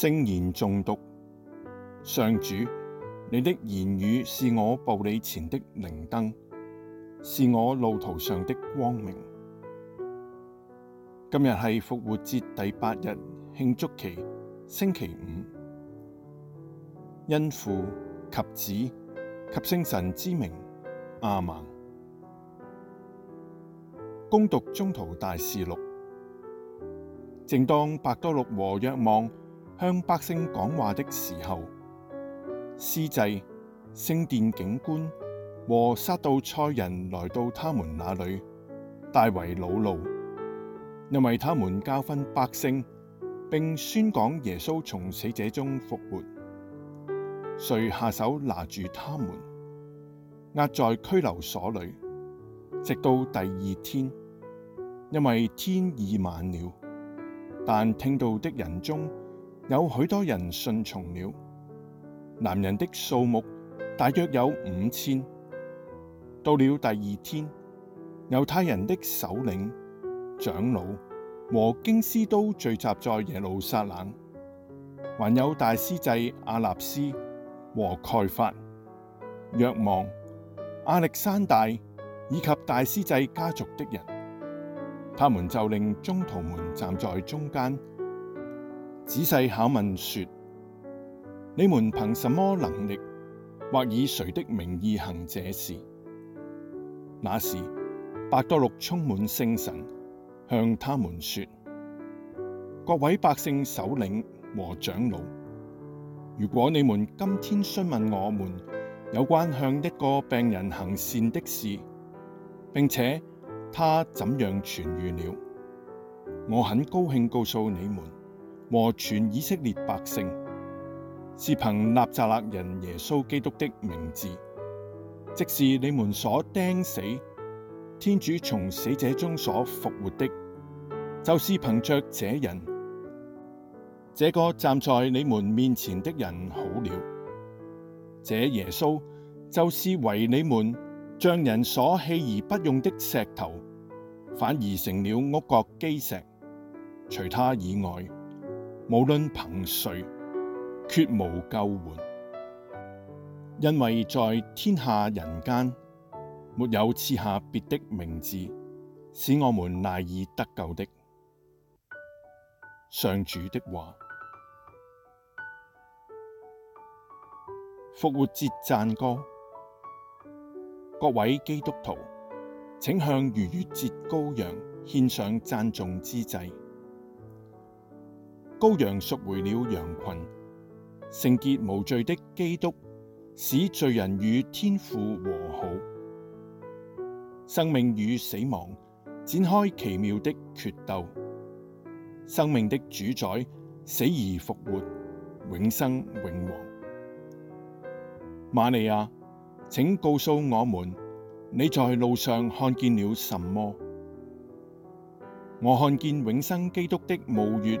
聖言誦讀，上主，你的言語是我步履前的明燈，是我路途上的光明。今日係復活節第八日慶祝期，星期五，因父及子及聖神之名，阿門。恭讀宗徒大事錄，正當伯多祿和若望。向百姓講話的時候，司祭、聖殿警官和撒杜塞人來到他們那裡，大為惱怒，因為他們教訓百姓，並宣講耶穌從死者中復活，遂下手拿住他們，押在拘留所裡，直到第二天，因為天已晚了。但聽道的人中，有許多人信從了，男人的數目，大約有五千。到了第二天，猶太人的首領、長老和經師都聚集在耶路撒冷，還有大司祭亞納斯和蓋法、若望、亞歷山大以及大司祭家族的人，他們就令宗徒們站在中間。仔細考問說：你們憑什麼能力，或以誰的名義行這事？那時，伯多祿充滿聖神，向他們說：各位百姓首領和長老，如果你們今天詢問我們有關向一個病人行善的事，並且他怎樣痊癒了，我很高興告訴你們。和全以色列百姓是憑納扎勒人耶穌基督的名字，即是你們所釘死，天主從死者中所復活的，就是憑着這人，這個站在你們面前的人好了。這耶穌就是為你們匠人所棄而不用的石頭，反而成了屋角基石。除他以外，無論憑誰，決無救援，因為在天下人間，沒有賜下別的名字，使我們賴以得救的。上主的話。復活節讚歌，各位基督徒，請向逾越節羔羊獻上讚頌之祭。羔羊贖回了羊群，聖潔無罪的基督使罪人與天父和好。生命與死亡展開奇妙的決鬥。生命的主宰死而復活，永生永王。瑪利亞，請告訴我們你在路上看見了什麼？我看見永生基督的墓穴。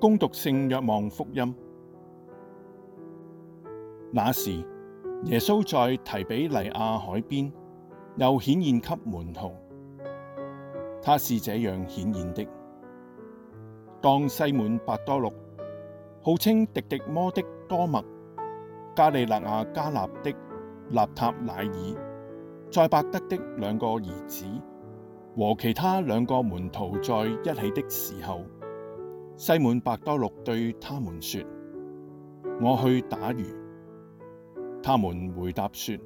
恭讀聖若望福音。那時，耶穌在提庇黎雅海邊，又顯現給門徒。他是這樣顯現的：當西滿伯多祿、號稱狄狄摩的多默、加里肋亞加納的納塔乃耳、載伯德的兩個兒子和其他兩個門徒在一起的時候。西門伯多祿對他們說：我去打魚。他們回答說：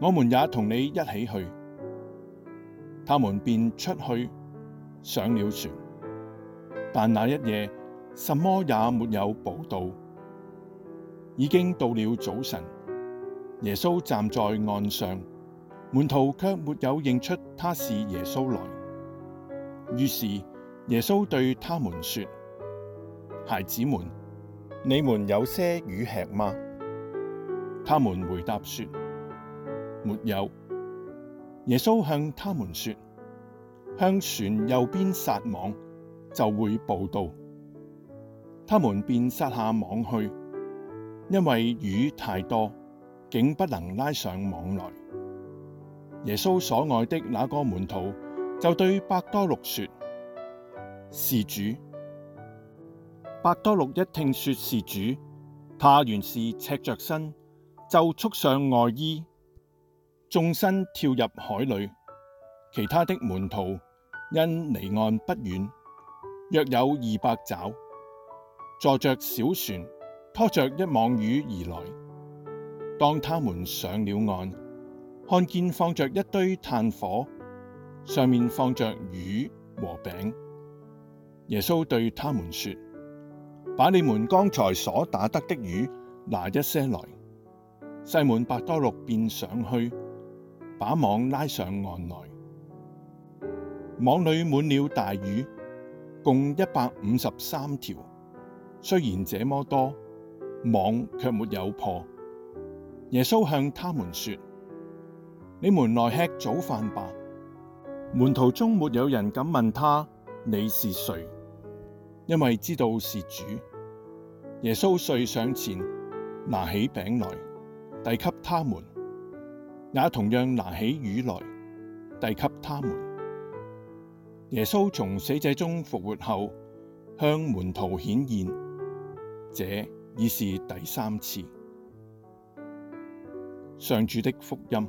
我們也同你一起去。他們便出去，上了船。但那一夜什麼也沒有捕到。已經到了早晨，耶穌站在岸上，門徒卻沒有認出他是耶穌來。於是，耶穌對他們說：孩子們，你們有些魚吃嗎？他們回答說：沒有。耶穌向他們說：向船右邊撒網，就會捕到。他們便撒下網去，因為魚太多，竟不能拉上網來。耶穌所愛的那個門徒就對伯多祿說：是主，伯多祿一聽說是主，他原是赤着身，就束上外衣，縱身跳入海裏。其他的門徒因離岸不遠，約有二百肘，坐着小船拖着一網魚而來。當他們上了岸，看見放着一堆炭火，上面放着魚和餅。耶穌對他們說：把你們剛才所打得的魚拿一些來！西滿伯多祿便上去，把網拉上岸來，網裏滿了大魚，共一百五十三條。雖然這麼多，網卻沒有破。耶穌向他們說：你們來吃早飯吧！門徒中沒有人敢問他。你是誰？因為知道是主。耶穌遂上前拿起餅來，遞給他們；也同樣拿起魚來，遞給他們。耶穌從死者中復活後，向門徒顯現，這已是第三次。上主的福音。